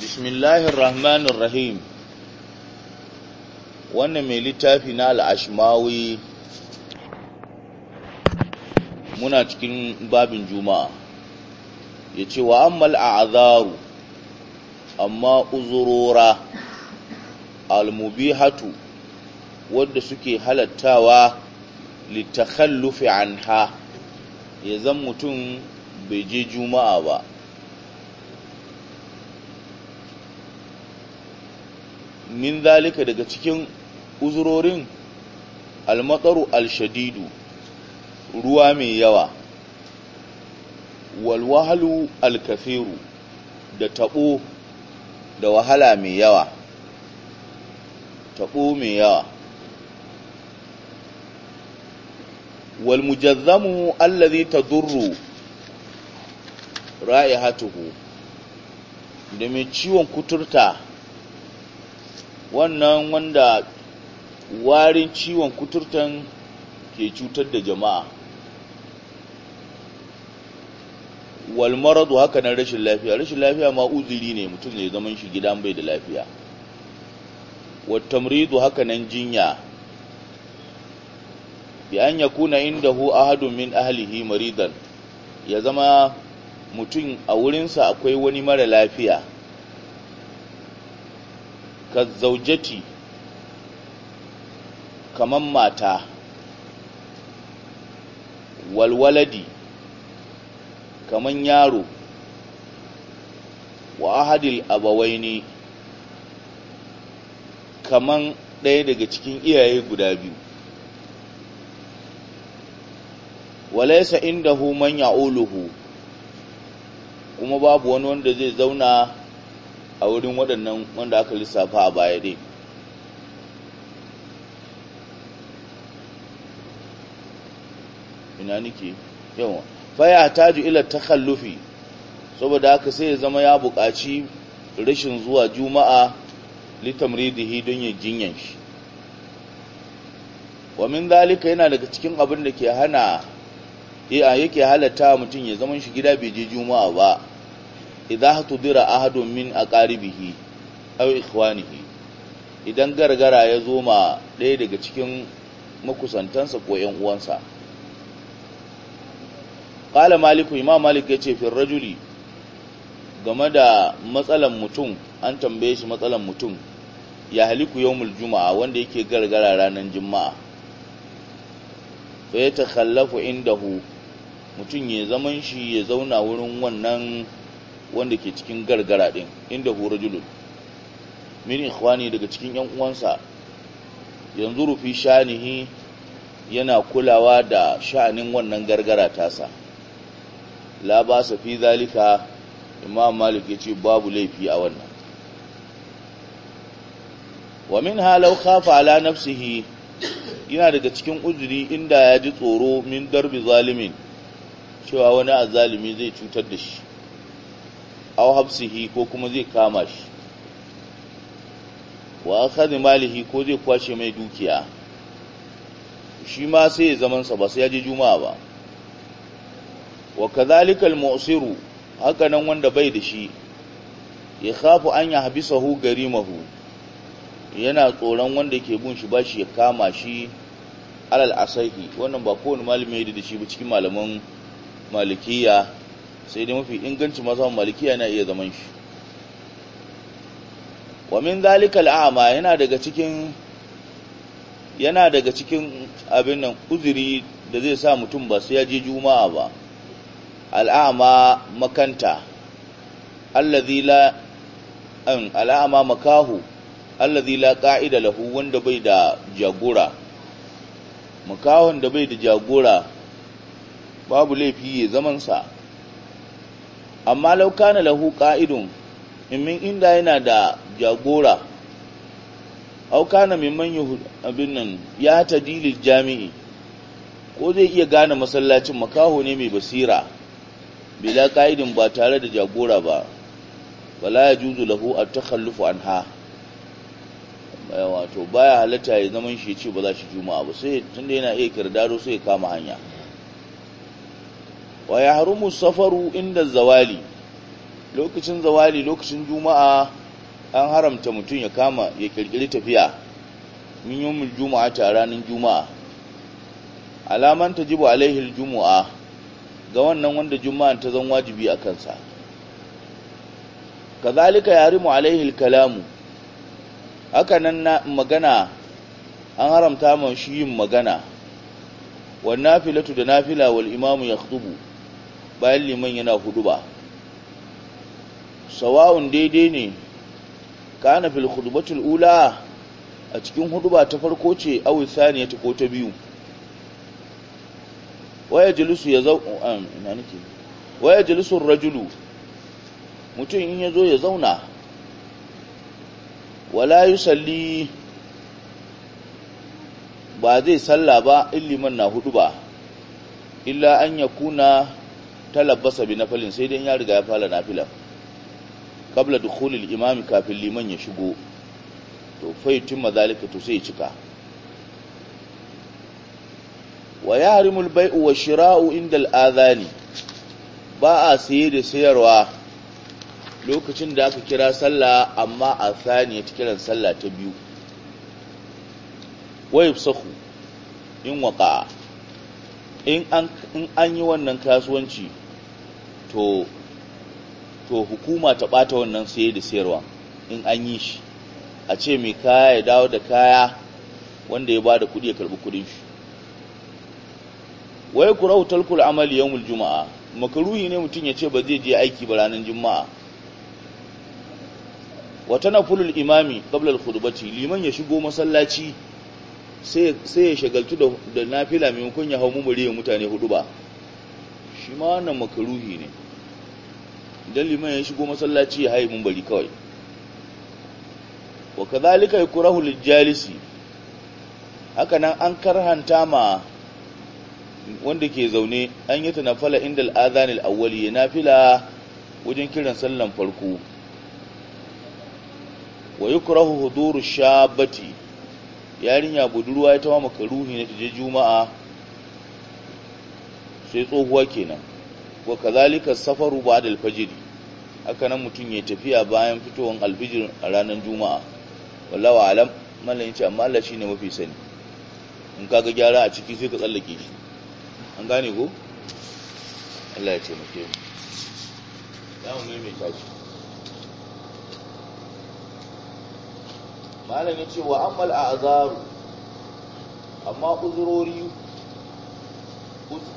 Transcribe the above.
bismillahir rahmanir rahim wannan mai littafi na al'ashmawi muna cikin babin juma'a ya ce wa ammal a'azaru amma uzurora almubihatu wadda suke halattawa litakhallufi anha ya zan mutum bai je juma'a ba min zalika daga cikin uzurorin almataru alshadidu ruwa mai yawa walwahalu alkafiru da taɓo da wahala mai yawa taɓo mai yawa walmujazzamu allazi tadurru ra'ihatuhu da mai ciwon kuturta wannan wanda warin ciwon kuturtan ke cutar da jama'a wal maradu haka nan rashin lafiya rashin lafiya ma uzuri ne mutum ne zaman shi gidan bai da lafiya watamrizu tamridu haka nan jinya bi an yakuna hu ahadun min ahlihi maridan ya zama mutum a wurinsa akwai wani mara lafiya ka zaujati kamar mata walwaladi kamar yaro wa ahadil abawaini kaman ɗaya daga cikin iyaye guda biyu walaisa hu man Oluhu kuma babu wani wanda zai zauna a wurin waɗannan wanda aka lissafa a baya ne ina nike yawa faya taju ila takhallufi saboda haka sai ya zama ya buƙaci rashin zuwa juma'a da don ya jinyan shi wamin min zalika yana daga cikin abin da ke hana iya yake halatta mutum ya zama shi gida bai je juma'a ba idza hatudira ahadun min aqaribihi aw ikhwanihi idan gargara ya zo ma ɗaya daga cikin makusantansa ko ƴan uwansa. qala Maliku, Imam Malik ya ce, fin rajuli game da matsalan mutum, an tambaye shi matsalan mutum, ya haliku yau juma'a wanda yake gargara ranar juma'a. Fa ya khallafu indahu, mutum ya zaman shi ya zauna wurin wannan wanda ke cikin gargara din inda hura julul min ikhwani daga cikin yan uwansa yanzu rufi shanihi yana kulawa da sha'anin wannan gargara tasa la ba sa fi zalika imam malik ya ce babu laifi a wannan wa min halau khafa ala nafsihi yana daga cikin uzuri inda ya ji tsoro min darbi zalimin cewa wani azalimi zai cutar da shi aw habsihi ko kuma zai kama shi wa akhadhi malihi ko zai kwashe mai dukiya shi ma sai ya zaman sa ba sai ya je juma'a ba wa kadhalika al-mu'siru haka nan wanda bai da shi ya khafu an ya habisahu garimahu yana tsoron wanda ke bin shi bashi ya kama shi alal asahi wannan ba kowane malami ya da shi ba cikin malaman malikiya sai dai mafi inganci mazhaban malikiya yana iya zaman shi wa min zalikal a'ma yana daga cikin yana daga cikin abin nan uzuri da zai sa mutum ba sai ya je juma'a ba al'ama makanta allazi la an al'ama makahu allazi la qa'ida lahu wanda bai da jagora makahon da bai da jagora babu laifi zaman sa amma lauka na lahu ƙa'idun imin inda yana da jagora auka na mimman abin nan ya ta dilil jami'i ko zai iya gane masallacin makaho ne mai basira bila ƙa'idun ba tare da jagora ba bala ya juzu lahu a kallufu an ha wato baya halatta ya zaman shi ce ba za shi juma'a ba sai tunda yana iya kirdaro sai ya kama hanya wa ya harumu safaru inda zawali lokacin zawali lokacin juma'a an haramta mutum ya kama ya kirkiri tafiya min yawmin juma'a ta ranar juma'a alaman Jibu alaihil juma'a ga wannan wanda juma'a ta zan wajibi a kansa Ka zalika ya harimu alaihil kalamu haka nan magana an haramta man shi yin magana wa filatu da nafila wal imamu ya khutubu bayan liman yana hudu ba sawa'un daidai ne kana fil khutbatul ula a cikin huduba ta farko ce aw thaniya ta ko ta biyu waya julusu ya zauna? Um, nake waya julusu rajulu mutum in yazo ya zauna wala yusalli ba zai salla ba illiman na hudu ba illa an yakuna talabbasa bi nafalin sai dai ya riga ya fara nafila qabla al imami kafin liman ya shigo to fa yutimma zalika to sai ya cika wa al-bay'u wa shira'u inda ne. ba a saye da sayarwa lokacin da aka kira sallah amma a saniya ta kiran sallah ta biyu wa yafsahu in waqa in an yi wannan kasuwanci to to hukuma ta bata wannan saye da sayarwa in an yi shi a ce mai kaya ya dawo da kaya wanda ya bada kudi ya karbi kudin shi wai kurahu talkul amali yawmul juma'a makaruhi ne mutum ya ce ba zai je aiki ba ranar juma'a wata na fulul imami qabla al liman ya shigo masallaci sai ya shagaltu da nafila maimakon ya hau mumure mutane hudu ba shi ma wannan makaruhi ne idan liman ya shigo masallaci ya haye mumbari kawai wa kadhalika yukrahu lijalisi haka nan an karhanta ma wanda ke zaune an yi tanafala inda al'adhanil awwali ya nafila wajen kiran sallan farko wa yukrahu huduru shabati yarinya budurwa ta wa makaruhi na ta juma'a sai tsohuwa kenan wa kazalika safaru ba da alfajiri haka nan mutum ya tafiya bayan fitowar alfijir a ranar juma'a wallawa alam malayin ce amma Allah shine mafi sani in kaga gyara a ciki sai ka tsallake shi an gane ko Allah ya taimake mu zamu ne mai tashi ya ce wa amal a'zaru amma uzurori